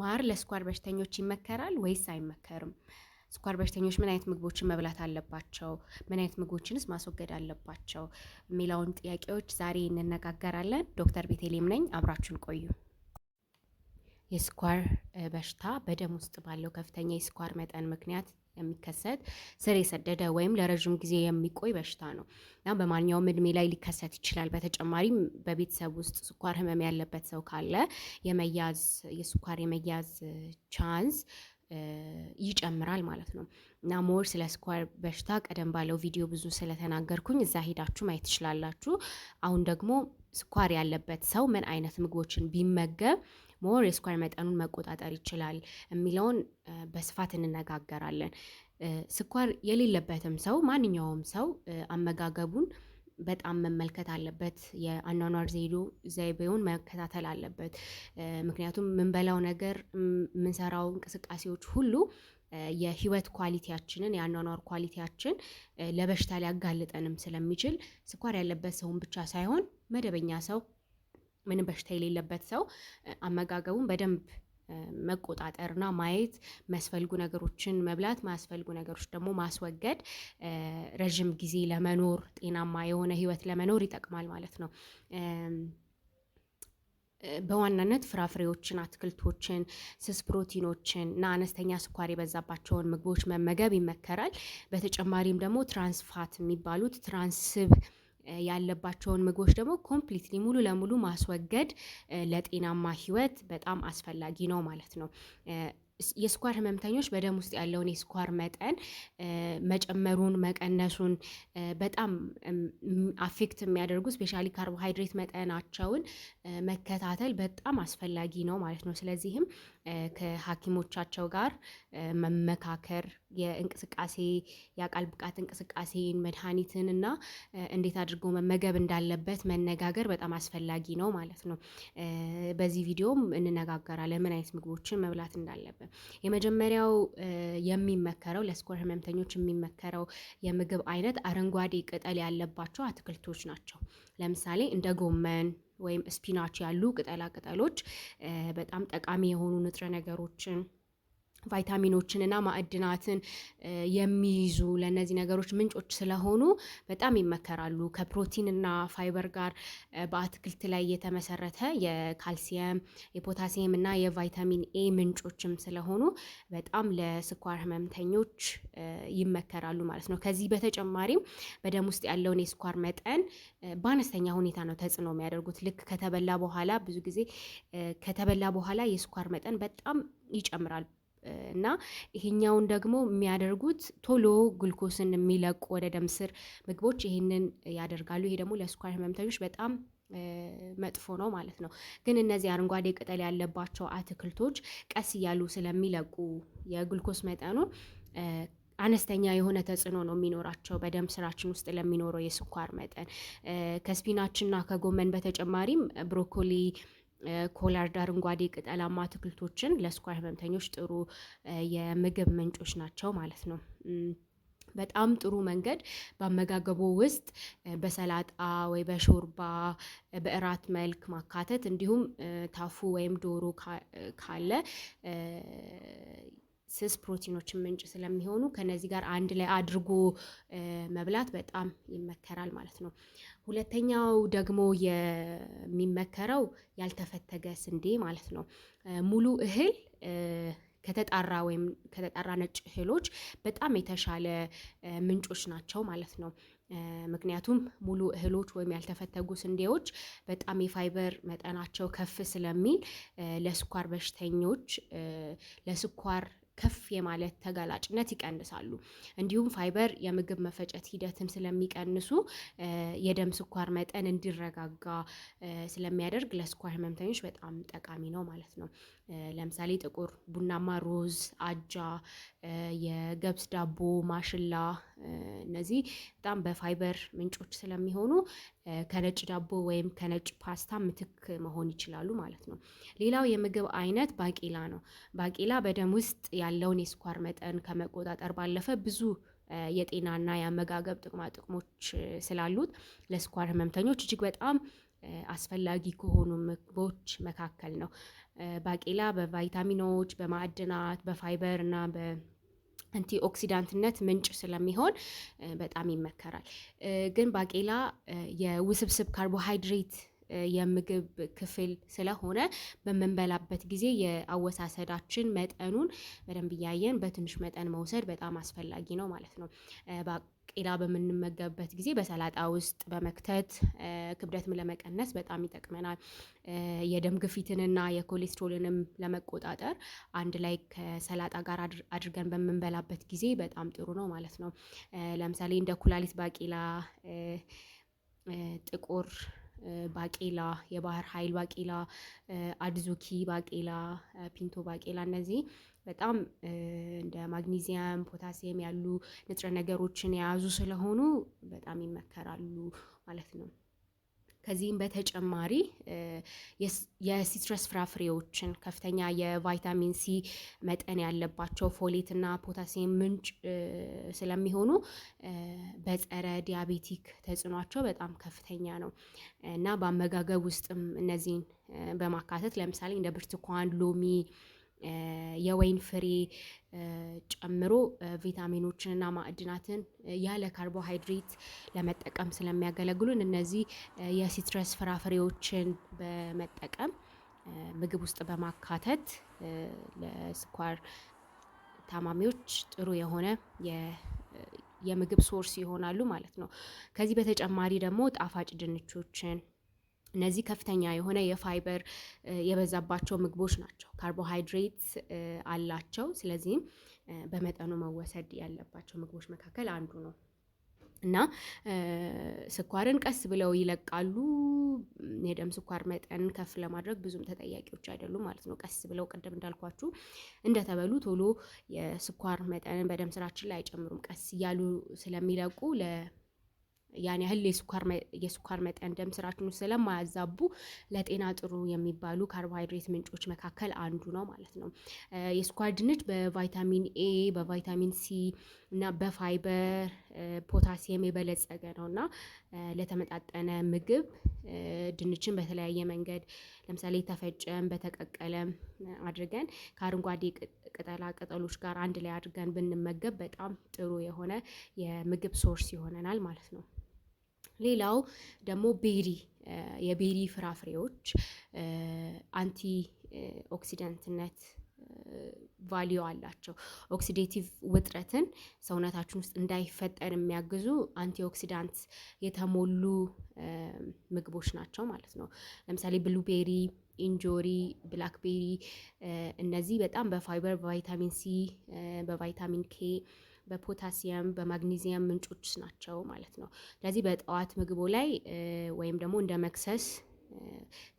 ማር ለስኳር በሽተኞች ይመከራል ወይስ አይመከርም? ስኳር በሽተኞች ምን አይነት ምግቦችን መብላት አለባቸው? ምን አይነት ምግቦችንስ ማስወገድ አለባቸው? የሚለውን ጥያቄዎች ዛሬ እንነጋገራለን። ዶክተር ቤቴሌም ነኝ። አብራችን ቆዩ። የስኳር በሽታ በደም ውስጥ ባለው ከፍተኛ የስኳር መጠን ምክንያት የሚከሰት ስር የሰደደ ወይም ለረዥም ጊዜ የሚቆይ በሽታ ነው እና በማንኛውም እድሜ ላይ ሊከሰት ይችላል። በተጨማሪም በቤተሰብ ውስጥ ስኳር ህመም ያለበት ሰው ካለ የመያዝ የስኳር የመያዝ ቻንስ ይጨምራል ማለት ነው እና ሞር ስለ ስኳር በሽታ ቀደም ባለው ቪዲዮ ብዙ ስለተናገርኩኝ እዛ ሄዳችሁ ማየት ትችላላችሁ። አሁን ደግሞ ስኳር ያለበት ሰው ምን አይነት ምግቦችን ቢመገብ ሞር የስኳር መጠኑን መቆጣጠር ይችላል የሚለውን በስፋት እንነጋገራለን። ስኳር የሌለበትም ሰው ማንኛውም ሰው አመጋገቡን በጣም መመልከት አለበት የአኗኗር ዜዶ ዘይቤውን መከታተል አለበት። ምክንያቱም የምንበላው ነገር የምንሰራው እንቅስቃሴዎች ሁሉ የህይወት ኳሊቲያችንን የአኗኗር ኳሊቲያችን ለበሽታ ሊያጋልጠንም ስለሚችል ስኳር ያለበት ሰውን ብቻ ሳይሆን መደበኛ ሰው ምንም በሽታ የሌለበት ሰው አመጋገቡን በደንብ መቆጣጠርና ማየት የሚያስፈልጉ ነገሮችን መብላት የማያስፈልጉ ነገሮች ደግሞ ማስወገድ ረዥም ጊዜ ለመኖር ጤናማ የሆነ ህይወት ለመኖር ይጠቅማል ማለት ነው። በዋናነት ፍራፍሬዎችን፣ አትክልቶችን፣ ስስ ፕሮቲኖችን እና አነስተኛ ስኳር የበዛባቸውን ምግቦች መመገብ ይመከራል። በተጨማሪም ደግሞ ትራንስፋት የሚባሉት ትራንስብ ያለባቸውን ምግቦች ደግሞ ኮምፕሊትሊ ሙሉ ለሙሉ ማስወገድ ለጤናማ ህይወት በጣም አስፈላጊ ነው ማለት ነው። የስኳር ህመምተኞች በደም ውስጥ ያለውን የስኳር መጠን መጨመሩን መቀነሱን በጣም አፌክት የሚያደርጉ ስፔሻሊ ካርቦሃይድሬት መጠናቸውን መከታተል በጣም አስፈላጊ ነው ማለት ነው። ስለዚህም ከሐኪሞቻቸው ጋር መመካከር የእንቅስቃሴ የአካል ብቃት እንቅስቃሴን መድኃኒትን እና እንዴት አድርጎ መመገብ እንዳለበት መነጋገር በጣም አስፈላጊ ነው ማለት ነው። በዚህ ቪዲዮም እንነጋገራለን ምን አይነት ምግቦችን መብላት እንዳለብን። የመጀመሪያው የሚመከረው ለስኳር ህመምተኞች የሚመከረው የምግብ አይነት አረንጓዴ ቅጠል ያለባቸው አትክልቶች ናቸው። ለምሳሌ እንደ ጎመን ወይም ስፒናች ያሉ ቅጠላ ቅጠሎች በጣም ጠቃሚ የሆኑ ንጥረ ነገሮችን ቫይታሚኖችንና ማዕድናትን የሚይዙ ለእነዚህ ነገሮች ምንጮች ስለሆኑ በጣም ይመከራሉ። ከፕሮቲንና ፋይበር ጋር በአትክልት ላይ የተመሰረተ የካልሲየም የፖታሲየም እና የቫይታሚን ኤ ምንጮችም ስለሆኑ በጣም ለስኳር ህመምተኞች ይመከራሉ ማለት ነው። ከዚህ በተጨማሪም በደም ውስጥ ያለውን የስኳር መጠን በአነስተኛ ሁኔታ ነው ተጽዕኖ የሚያደርጉት። ልክ ከተበላ በኋላ ብዙ ጊዜ ከተበላ በኋላ የስኳር መጠን በጣም ይጨምራል። እና ይሄኛውን ደግሞ የሚያደርጉት ቶሎ ግልኮስን የሚለቁ ወደ ደም ስር ምግቦች ይሄንን ያደርጋሉ። ይሄ ደግሞ ለስኳር ህመምተኞች በጣም መጥፎ ነው ማለት ነው። ግን እነዚህ አረንጓዴ ቅጠል ያለባቸው አትክልቶች ቀስ እያሉ ስለሚለቁ የግልኮስ መጠኑ አነስተኛ የሆነ ተጽዕኖ ነው የሚኖራቸው በደም ስራችን ውስጥ ለሚኖረው የስኳር መጠን ከስፒናችንና ከጎመን በተጨማሪም ብሮኮሊ ኮላርድ አረንጓዴ ቅጠላማ አትክልቶችን ለስኳር ህመምተኞች ጥሩ የምግብ ምንጮች ናቸው ማለት ነው። በጣም ጥሩ መንገድ በአመጋገቡ ውስጥ በሰላጣ ወይ በሾርባ በእራት መልክ ማካተት እንዲሁም ታፉ ወይም ዶሮ ካለ ስስ ፕሮቲኖችን ምንጭ ስለሚሆኑ ከነዚህ ጋር አንድ ላይ አድርጎ መብላት በጣም ይመከራል ማለት ነው። ሁለተኛው ደግሞ የሚመከረው ያልተፈተገ ስንዴ ማለት ነው። ሙሉ እህል ከተጣራ ወይም ከተጣራ ነጭ እህሎች በጣም የተሻለ ምንጮች ናቸው ማለት ነው። ምክንያቱም ሙሉ እህሎች ወይም ያልተፈተጉ ስንዴዎች በጣም የፋይበር መጠናቸው ከፍ ስለሚል ለስኳር በሽተኞች ለስኳር ከፍ የማለት ተጋላጭነት ይቀንሳሉ። እንዲሁም ፋይበር የምግብ መፈጨት ሂደትን ስለሚቀንሱ የደም ስኳር መጠን እንዲረጋጋ ስለሚያደርግ ለስኳር ህመምተኞች በጣም ጠቃሚ ነው ማለት ነው። ለምሳሌ ጥቁር ቡናማ ሮዝ፣ አጃ፣ የገብስ ዳቦ፣ ማሽላ እነዚህ በጣም በፋይበር ምንጮች ስለሚሆኑ ከነጭ ዳቦ ወይም ከነጭ ፓስታ ምትክ መሆን ይችላሉ ማለት ነው። ሌላው የምግብ አይነት ባቄላ ነው። ባቄላ በደም ውስጥ ያለውን የስኳር መጠን ከመቆጣጠር ባለፈ ብዙ የጤናና የአመጋገብ ጥቅማ ጥቅሞች ስላሉት ለስኳር ህመምተኞች እጅግ በጣም አስፈላጊ ከሆኑ ምግቦች መካከል ነው። ባቄላ በቫይታሚኖች፣ በማዕድናት፣ በፋይበር እና አንቲ ኦክሲዳንትነት ምንጭ ስለሚሆን በጣም ይመከራል። ግን ባቄላ የውስብስብ ካርቦሃይድሬት የምግብ ክፍል ስለሆነ በምንበላበት ጊዜ የአወሳሰዳችን መጠኑን በደንብ እያየን በትንሽ መጠን መውሰድ በጣም አስፈላጊ ነው ማለት ነው። ባቄላ በምንመገብበት ጊዜ በሰላጣ ውስጥ በመክተት ክብደትም ለመቀነስ በጣም ይጠቅመናል። የደም ግፊትንና የኮሌስትሮልንም ለመቆጣጠር አንድ ላይ ከሰላጣ ጋር አድርገን በምንበላበት ጊዜ በጣም ጥሩ ነው ማለት ነው። ለምሳሌ እንደ ኩላሊት ባቄላ፣ ጥቁር ባቄላ፣ የባህር ሀይል ባቄላ፣ አድዙኪ ባቄላ፣ ፒንቶ ባቄላ እነዚህ በጣም እንደ ማግኒዚየም፣ ፖታሲየም ያሉ ንጥረ ነገሮችን የያዙ ስለሆኑ በጣም ይመከራሉ ማለት ነው። ከዚህም በተጨማሪ የሲትረስ ፍራፍሬዎችን ከፍተኛ የቫይታሚን ሲ መጠን ያለባቸው ፎሌት እና ፖታሲየም ምንጭ ስለሚሆኑ በጸረ ዲያቤቲክ ተጽዕኗቸው በጣም ከፍተኛ ነው እና በአመጋገብ ውስጥም እነዚህን በማካተት ለምሳሌ እንደ ብርቱካን፣ ሎሚ የወይን ፍሬ ጨምሮ ቪታሚኖችንና ማዕድናትን ያለ ካርቦሃይድሬት ለመጠቀም ስለሚያገለግሉን እነዚህ የሲትረስ ፍራፍሬዎችን በመጠቀም ምግብ ውስጥ በማካተት ለስኳር ታማሚዎች ጥሩ የሆነ የምግብ ሶርስ ይሆናሉ ማለት ነው። ከዚህ በተጨማሪ ደግሞ ጣፋጭ ድንቾችን እነዚህ ከፍተኛ የሆነ የፋይበር የበዛባቸው ምግቦች ናቸው። ካርቦሃይድሬት አላቸው። ስለዚህም በመጠኑ መወሰድ ያለባቸው ምግቦች መካከል አንዱ ነው እና ስኳርን ቀስ ብለው ይለቃሉ። የደም ስኳር መጠን ከፍ ለማድረግ ብዙም ተጠያቂዎች አይደሉም ማለት ነው። ቀስ ብለው ቅድም እንዳልኳችሁ እንደተበሉ ቶሎ የስኳር መጠንን በደም ስራችን ላይ አይጨምሩም። ቀስ እያሉ ስለሚለቁ ያን ያህል የስኳር መጠን ደም ስራችን ስለማያዛቡ ለጤና ጥሩ የሚባሉ ካርቦሃይድሬት ምንጮች መካከል አንዱ ነው ማለት ነው። የስኳር ድንች በቫይታሚን ኤ፣ በቫይታሚን ሲ እና በፋይበር ፖታሲየም የበለጸገ ነው እና ለተመጣጠነ ምግብ ድንችን በተለያየ መንገድ ለምሳሌ ተፈጨም በተቀቀለም አድርገን ከአረንጓዴ ቅጠላ ቅጠሎች ጋር አንድ ላይ አድርገን ብንመገብ በጣም ጥሩ የሆነ የምግብ ሶርስ ይሆነናል ማለት ነው። ሌላው ደግሞ ቤሪ የቤሪ ፍራፍሬዎች አንቲ ኦክሲደንትነት ቫሊዩ አላቸው። ኦክሲዴቲቭ ውጥረትን ሰውነታችን ውስጥ እንዳይፈጠር የሚያግዙ አንቲኦክሲዳንት የተሞሉ ምግቦች ናቸው ማለት ነው። ለምሳሌ ብሉቤሪ፣ ኢንጆሪ፣ ብላክቤሪ እነዚህ በጣም በፋይበር በቫይታሚን ሲ በቫይታሚን ኬ በፖታሲየም በማግኒዚየም ምንጮች ናቸው ማለት ነው። ስለዚህ በጠዋት ምግቡ ላይ ወይም ደግሞ እንደ መክሰስ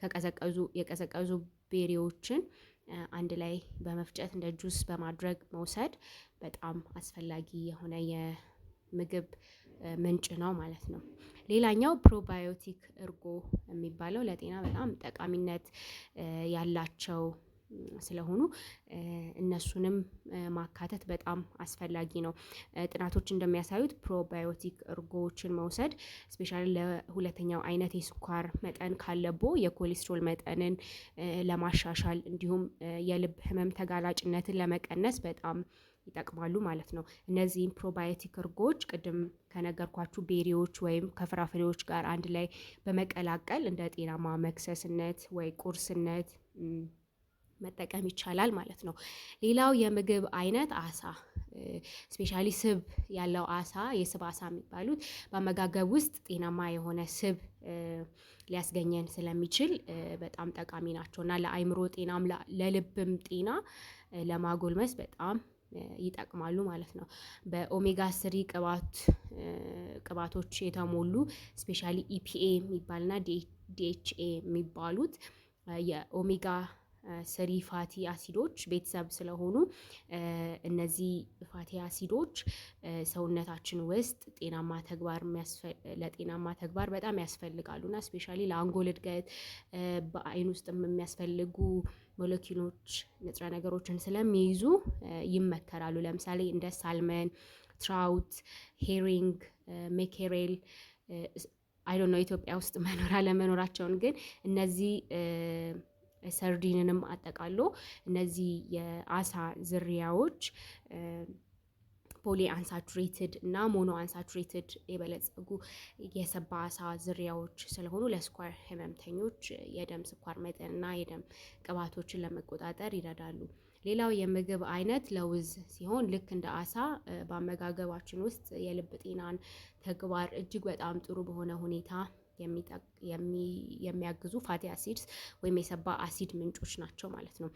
ከቀዘቀዙ የቀዘቀዙ ቤሪዎችን አንድ ላይ በመፍጨት እንደ ጁስ በማድረግ መውሰድ በጣም አስፈላጊ የሆነ የምግብ ምንጭ ነው ማለት ነው። ሌላኛው ፕሮባዮቲክ እርጎ የሚባለው ለጤና በጣም ጠቃሚነት ያላቸው ስለሆኑ እነሱንም ማካተት በጣም አስፈላጊ ነው። ጥናቶች እንደሚያሳዩት ፕሮባዮቲክ እርጎዎችን መውሰድ ስፔሻሊ ለሁለተኛው አይነት የስኳር መጠን ካለቦ የኮሌስትሮል መጠንን ለማሻሻል እንዲሁም የልብ ህመም ተጋላጭነትን ለመቀነስ በጣም ይጠቅማሉ ማለት ነው። እነዚህም ፕሮባዮቲክ እርጎዎች ቅድም ከነገርኳችሁ ቤሪዎች ወይም ከፍራፍሬዎች ጋር አንድ ላይ በመቀላቀል እንደ ጤናማ መክሰስነት ወይ ቁርስነት መጠቀም ይቻላል ማለት ነው። ሌላው የምግብ አይነት አሳ፣ ስፔሻሊ ስብ ያለው አሳ የስብ አሳ የሚባሉት በአመጋገብ ውስጥ ጤናማ የሆነ ስብ ሊያስገኘን ስለሚችል በጣም ጠቃሚ ናቸው እና ለአይምሮ ጤናም ለልብም ጤና ለማጎልመስ በጣም ይጠቅማሉ ማለት ነው። በኦሜጋ ስሪ ቅባት ቅባቶች የተሞሉ ስፔሻሊ ኢፒኤ የሚባልና ዲኤችኤ የሚባሉት የኦሜጋ ስሪ ፋቲ አሲዶች ቤተሰብ ስለሆኑ እነዚህ ፋቲ አሲዶች ሰውነታችን ውስጥ ጤናማ ተግባር ለጤናማ ተግባር በጣም ያስፈልጋሉ እና ስፔሻሊ ለአንጎል እድገት በአይን ውስጥም የሚያስፈልጉ ሞለኪኖች ንጥረ ነገሮችን ስለሚይዙ ይመከራሉ። ለምሳሌ እንደ ሳልመን፣ ትራውት፣ ሄሪንግ፣ ሜኬሬል አይዶ ነው ኢትዮጵያ ውስጥ መኖር አለመኖራቸውን ግን እነዚህ ሰርዲንንም አጠቃሎ እነዚህ የአሳ ዝርያዎች ፖሊ አንሳቹሬትድ እና ሞኖ አንሳቹሬትድ የበለጸጉ የሰባ አሳ ዝርያዎች ስለሆኑ ለስኳር ህመምተኞች የደም ስኳር መጠንና የደም ቅባቶችን ለመቆጣጠር ይረዳሉ። ሌላው የምግብ አይነት ለውዝ ሲሆን ልክ እንደ አሳ በአመጋገባችን ውስጥ የልብ ጤናን ተግባር እጅግ በጣም ጥሩ በሆነ ሁኔታ የሚያግዙ ፋቲ አሲድስ ወይም የሰባ አሲድ ምንጮች ናቸው ማለት ነው።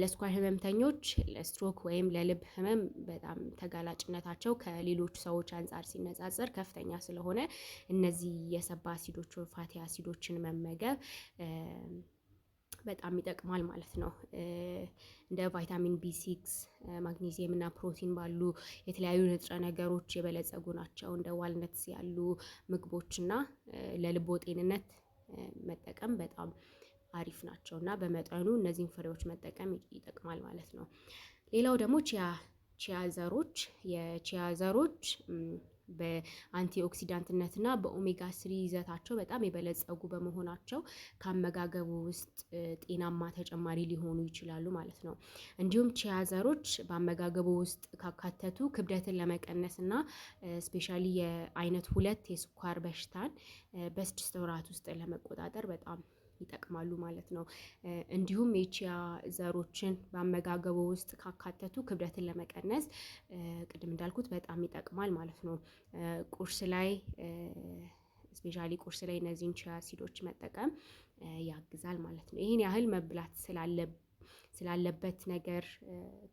ለስኳር ህመምተኞች ለስትሮክ ወይም ለልብ ህመም በጣም ተጋላጭነታቸው ከሌሎች ሰዎች አንጻር ሲነጻጸር ከፍተኛ ስለሆነ እነዚህ የሰባ አሲዶች ፋቲ አሲዶችን መመገብ በጣም ይጠቅማል ማለት ነው። እንደ ቫይታሚን ቢ ሲክስ፣ ማግኔዚየም እና ፕሮቲን ባሉ የተለያዩ ንጥረ ነገሮች የበለጸጉ ናቸው። እንደ ዋልነት ያሉ ምግቦችና ለልቦ ጤንነት መጠቀም በጣም አሪፍ ናቸው እና በመጠኑ እነዚህን ፍሬዎች መጠቀም ይጠቅማል ማለት ነው። ሌላው ደግሞ ቺያ ቺያ ዘሮች የቺያ ዘሮች በአንቲኦክሲዳንትነትና ኦክሲዳንትነትና በኦሜጋ ስሪ ይዘታቸው በጣም የበለጸጉ በመሆናቸው ከአመጋገቡ ውስጥ ጤናማ ተጨማሪ ሊሆኑ ይችላሉ ማለት ነው። እንዲሁም ቺያ ዘሮች በአመጋገቡ ውስጥ ካካተቱ ክብደትን ለመቀነስ እና ስፔሻሊ የአይነት ሁለት የስኳር በሽታን በስድስት ወራት ውስጥ ለመቆጣጠር በጣም ይጠቅማሉ ማለት ነው። እንዲሁም የቺያ ዘሮችን በአመጋገቡ ውስጥ ካካተቱ ክብደትን ለመቀነስ ቅድም እንዳልኩት በጣም ይጠቅማል ማለት ነው። ቁርስ ላይ ስፔሻሊ ቁርስ ላይ እነዚህን ቺያ ሲዶች መጠቀም ያግዛል ማለት ነው። ይህን ያህል መብላት ስላለብን ስላለበት ነገር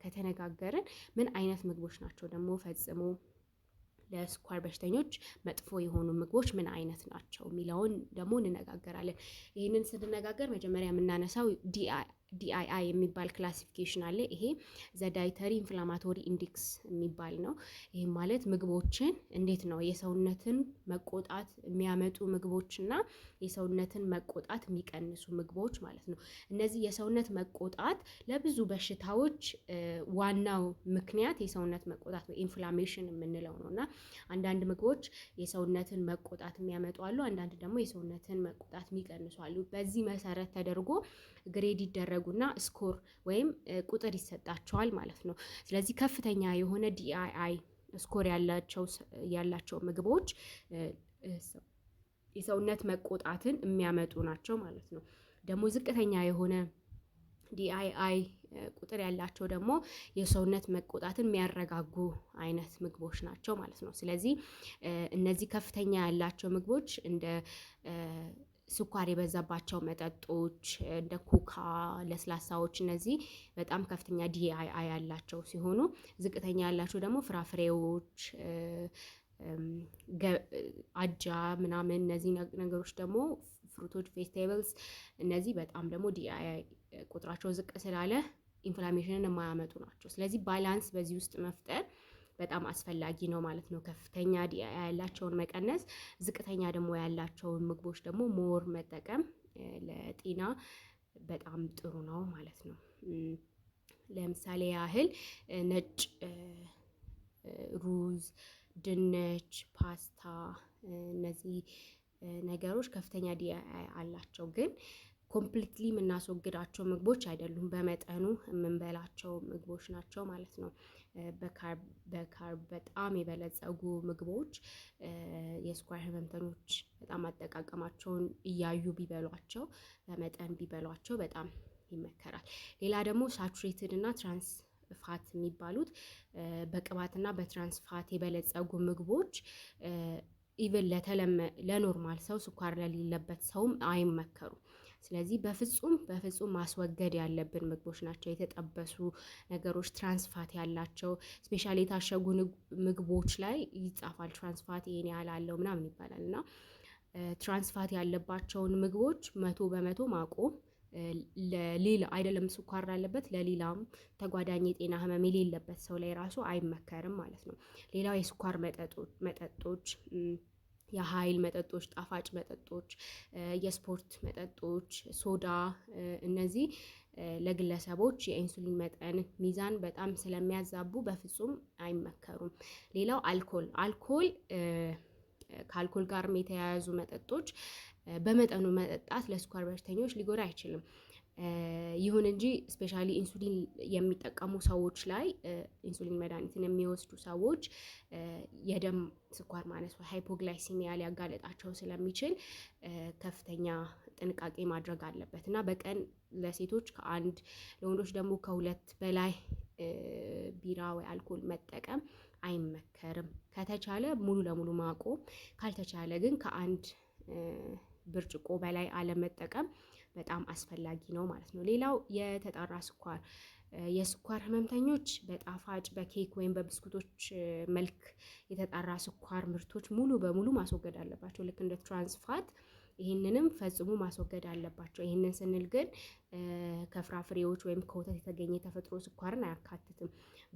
ከተነጋገርን ምን አይነት ምግቦች ናቸው ደግሞ ፈጽሞ ለስኳር በሽተኞች መጥፎ የሆኑ ምግቦች ምን አይነት ናቸው የሚለውን ደግሞ እንነጋገራለን። ይህንን ስንነጋገር መጀመሪያ የምናነሳው ዲአይ ዲአይአይ የሚባል ክላሲፊኬሽን አለ። ይሄ ዘዳይተሪ ኢንፍላማቶሪ ኢንዴክስ የሚባል ነው። ይህም ማለት ምግቦችን እንዴት ነው የሰውነትን መቆጣት የሚያመጡ ምግቦችና የሰውነትን መቆጣት የሚቀንሱ ምግቦች ማለት ነው። እነዚህ የሰውነት መቆጣት ለብዙ በሽታዎች ዋናው ምክንያት የሰውነት መቆጣት ኢንፍላሜሽን የምንለው ነው እና አንዳንድ ምግቦች የሰውነትን መቆጣት የሚያመጡ አሉ። አንዳንድ ደግሞ የሰውነትን መቆጣት የሚቀንሱ አሉ። በዚህ መሰረት ተደርጎ ግሬድ ይደረጉ ያደረጉና ስኮር ወይም ቁጥር ይሰጣቸዋል ማለት ነው። ስለዚህ ከፍተኛ የሆነ ዲአይአይ ስኮር ያላቸው ምግቦች የሰውነት መቆጣትን የሚያመጡ ናቸው ማለት ነው። ደግሞ ዝቅተኛ የሆነ ዲአይአይ ቁጥር ያላቸው ደግሞ የሰውነት መቆጣትን የሚያረጋጉ አይነት ምግቦች ናቸው ማለት ነው። ስለዚህ እነዚህ ከፍተኛ ያላቸው ምግቦች እንደ ስኳር የበዛባቸው መጠጦች እንደ ኮካ፣ ለስላሳዎች እነዚህ በጣም ከፍተኛ ዲአይአይ ያላቸው ሲሆኑ ዝቅተኛ ያላቸው ደግሞ ፍራፍሬዎች፣ አጃ ምናምን እነዚህ ነገሮች ደግሞ ፍሩቶች፣ ቬጅቴብልስ እነዚህ በጣም ደግሞ ዲአይአይ ቁጥራቸው ዝቅ ስላለ ኢንፍላሜሽንን የማያመጡ ናቸው። ስለዚህ ባላንስ በዚህ ውስጥ መፍጠር በጣም አስፈላጊ ነው ማለት ነው። ከፍተኛ ዲአይ ያላቸውን መቀነስ፣ ዝቅተኛ ደግሞ ያላቸውን ምግቦች ደግሞ ሞር መጠቀም ለጤና በጣም ጥሩ ነው ማለት ነው። ለምሳሌ ያህል ነጭ ሩዝ፣ ድንች፣ ፓስታ እነዚህ ነገሮች ከፍተኛ ዲአይ አላቸው ግን ኮምፕሊትሊ የምናስወግዳቸው ምግቦች አይደሉም። በመጠኑ የምንበላቸው ምግቦች ናቸው ማለት ነው። በካርብ በጣም የበለጸጉ ምግቦች የስኳር ህመምተኞች በጣም አጠቃቀማቸውን እያዩ ቢበሏቸው በመጠን ቢበሏቸው በጣም ይመከራል። ሌላ ደግሞ ሳቹሬትድ እና ትራንስ ፋት የሚባሉት በቅባትና በትራንስ ፋት የበለጸጉ ምግቦች ኢቨን ለተለመ ለኖርማል ሰው ስኳር ለሌለበት ሰውም አይመከሩም። ስለዚህ በፍጹም በፍጹም ማስወገድ ያለብን ምግቦች ናቸው። የተጠበሱ ነገሮች፣ ትራንስፋት ያላቸው ስፔሻሊ የታሸጉ ምግቦች ላይ ይጻፋል ትራንስፋት ይሄን ያህል አለው ምናምን ይባላል እና ትራንስፋት ያለባቸውን ምግቦች መቶ በመቶ ማቆም ለሌላ አይደለም ስኳር ላለበት ለሌላም ተጓዳኝ የጤና ህመም የሌለበት ሰው ላይ ራሱ አይመከርም ማለት ነው። ሌላው የስኳር መጠጦች የኃይል መጠጦች፣ ጣፋጭ መጠጦች፣ የስፖርት መጠጦች፣ ሶዳ እነዚህ ለግለሰቦች የኢንሱሊን መጠን ሚዛን በጣም ስለሚያዛቡ በፍጹም አይመከሩም። ሌላው አልኮል አልኮል ከአልኮል ጋርም የተያያዙ መጠጦች በመጠኑ መጠጣት ለስኳር በሽተኞች ሊጎዳ አይችልም። ይሁን እንጂ ስፔሻሊ ኢንሱሊን የሚጠቀሙ ሰዎች ላይ ኢንሱሊን መድኃኒትን የሚወስዱ ሰዎች የደም ስኳር ማነስ ሃይፖግላይሲሚያ ሊያጋለጣቸው ስለሚችል ከፍተኛ ጥንቃቄ ማድረግ አለበት እና በቀን ለሴቶች ከአንድ ለወንዶች ደግሞ ከሁለት በላይ ቢራ ወይ አልኮል መጠቀም አይመከርም። ከተቻለ ሙሉ ለሙሉ ማቆም፣ ካልተቻለ ግን ከአንድ ብርጭቆ በላይ አለመጠቀም በጣም አስፈላጊ ነው ማለት ነው። ሌላው የተጣራ ስኳር የስኳር ህመምተኞች በጣፋጭ በኬክ ወይም በብስኩቶች መልክ የተጣራ ስኳር ምርቶች ሙሉ በሙሉ ማስወገድ አለባቸው። ልክ እንደ ትራንስፋት ይህንንም ፈጽሞ ማስወገድ አለባቸው። ይህንን ስንል ግን ከፍራፍሬዎች ወይም ከወተት የተገኘ ተፈጥሮ ስኳርን አያካትትም።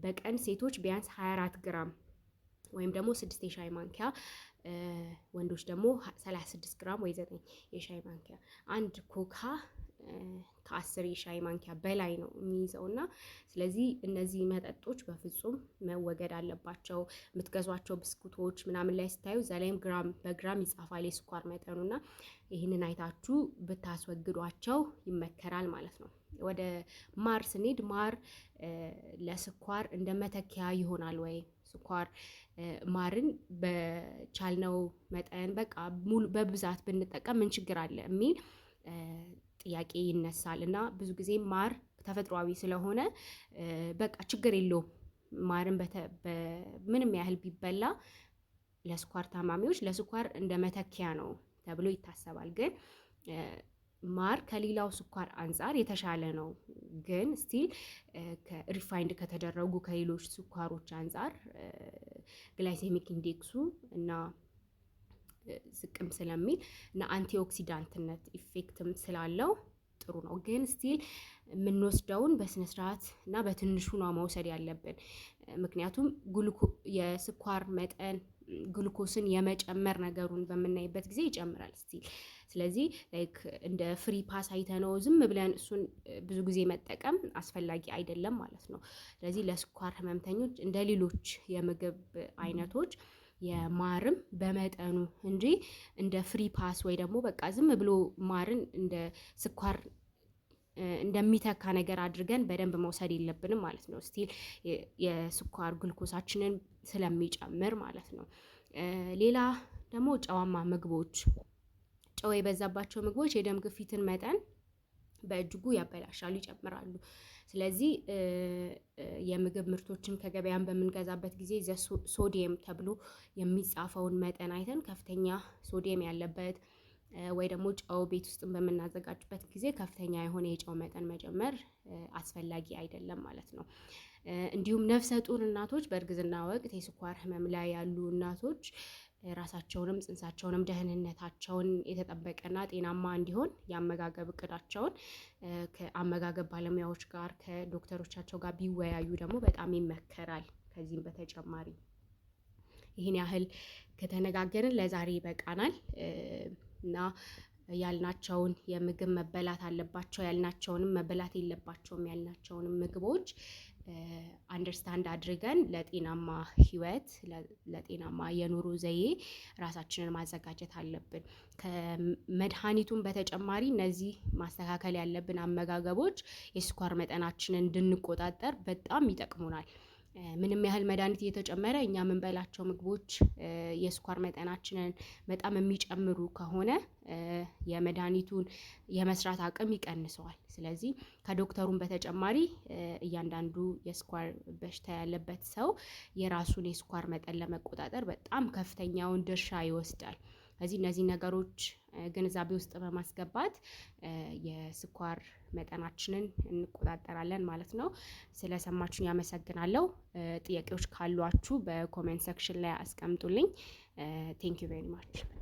በቀን ሴቶች ቢያንስ 24 ግራም ወይም ደግሞ ስድስት የሻይ ማንኪያ ወንዶች ደግሞ 36 ግራም ወይ 9 የሻይ ማንኪያ አንድ ኮካ ከአስር የሻይ ማንኪያ በላይ ነው የሚይዘው እና ስለዚህ እነዚህ መጠጦች በፍጹም መወገድ አለባቸው። የምትገዟቸው ብስኩቶች ምናምን ላይ ስታዩ እዛ ላይም ግራም በግራም ይጻፋል የስኳር መጠኑ እና ይህንን አይታችሁ ብታስወግዷቸው ይመከራል ማለት ነው። ወደ ማር ስንሄድ ማር ለስኳር እንደ መተኪያ ይሆናል ወይ ስኳር፣ ማርን በቻልነው መጠን በቃ ሙሉ በብዛት ብንጠቀም ምን ችግር አለ የሚል ጥያቄ ይነሳል እና ብዙ ጊዜ ማር ተፈጥሯዊ ስለሆነ በቃ ችግር የለውም። ማርን ምንም ያህል ቢበላ ለስኳር ታማሚዎች ለስኳር እንደ መተኪያ ነው ተብሎ ይታሰባል ግን ማር ከሌላው ስኳር አንጻር የተሻለ ነው፣ ግን ስቲል ሪፋይንድ ከተደረጉ ከሌሎች ስኳሮች አንጻር ግላይሴሚክ ኢንዴክሱ እና ዝቅም ስለሚል እና አንቲኦክሲዳንትነት ኢፌክትም ስላለው ጥሩ ነው። ግን ስቲል የምንወስደውን በስነስርዓት እና በትንሹ ነው መውሰድ ያለብን። ምክንያቱም የስኳር መጠን ግሉኮስን የመጨመር ነገሩን በምናይበት ጊዜ ይጨምራል ስቲል ስለዚህ ላይክ እንደ ፍሪ ፓስ አይተ ነው ዝም ብለን እሱን ብዙ ጊዜ መጠቀም አስፈላጊ አይደለም ማለት ነው። ስለዚህ ለስኳር ህመምተኞች እንደ ሌሎች የምግብ አይነቶች የማርም በመጠኑ እንጂ እንደ ፍሪ ፓስ ወይ ደግሞ በቃ ዝም ብሎ ማርን እንደ ስኳር እንደሚተካ ነገር አድርገን በደንብ መውሰድ የለብንም ማለት ነው። ስቲል የስኳር ግልኮሳችንን ስለሚጨምር ማለት ነው። ሌላ ደግሞ ጨዋማ ምግቦች ጨው የበዛባቸው ምግቦች የደም ግፊትን መጠን በእጅጉ ያበላሻሉ፣ ይጨምራሉ። ስለዚህ የምግብ ምርቶችን ከገበያን በምንገዛበት ጊዜ ሶዲየም ተብሎ የሚጻፈውን መጠን አይተን ከፍተኛ ሶዲየም ያለበት ወይ ደግሞ ጨው ቤት ውስጥ በምናዘጋጅበት ጊዜ ከፍተኛ የሆነ የጨው መጠን መጨመር አስፈላጊ አይደለም ማለት ነው። እንዲሁም ነፍሰ ጡር እናቶች በእርግዝና ወቅት የስኳር ህመም ላይ ያሉ እናቶች ራሳቸውንም ጽንሳቸውንም ደህንነታቸውን የተጠበቀና ጤናማ እንዲሆን የአመጋገብ እቅዳቸውን ከአመጋገብ ባለሙያዎች ጋር ከዶክተሮቻቸው ጋር ቢወያዩ ደግሞ በጣም ይመከራል። ከዚህም በተጨማሪ ይህን ያህል ከተነጋገርን ለዛሬ ይበቃናል እና ያልናቸውን የምግብ መበላት አለባቸው ያልናቸውንም መበላት የለባቸውም ያልናቸውንም ምግቦች አንደርስታንድ አድርገን ለጤናማ ህይወት ለጤናማ የኑሮ ዘዬ ራሳችንን ማዘጋጀት አለብን። ከመድኃኒቱን በተጨማሪ እነዚህ ማስተካከል ያለብን አመጋገቦች የስኳር መጠናችንን እንድንቆጣጠር በጣም ይጠቅሙናል። ምንም ያህል መድኃኒት እየተጨመረ እኛ የምንበላቸው ምግቦች የስኳር መጠናችንን በጣም የሚጨምሩ ከሆነ የመድኃኒቱን የመስራት አቅም ይቀንሰዋል። ስለዚህ ከዶክተሩም በተጨማሪ እያንዳንዱ የስኳር በሽታ ያለበት ሰው የራሱን የስኳር መጠን ለመቆጣጠር በጣም ከፍተኛውን ድርሻ ይወስዳል። እዚህ እነዚህ ነገሮች ግንዛቤ ውስጥ በማስገባት የስኳር መጠናችንን እንቆጣጠራለን ማለት ነው። ስለሰማችሁን ያመሰግናለሁ። ጥያቄዎች ካሏችሁ በኮሜንት ሰክሽን ላይ አስቀምጡልኝ። ቴንክ ዩ ቬሪ ማች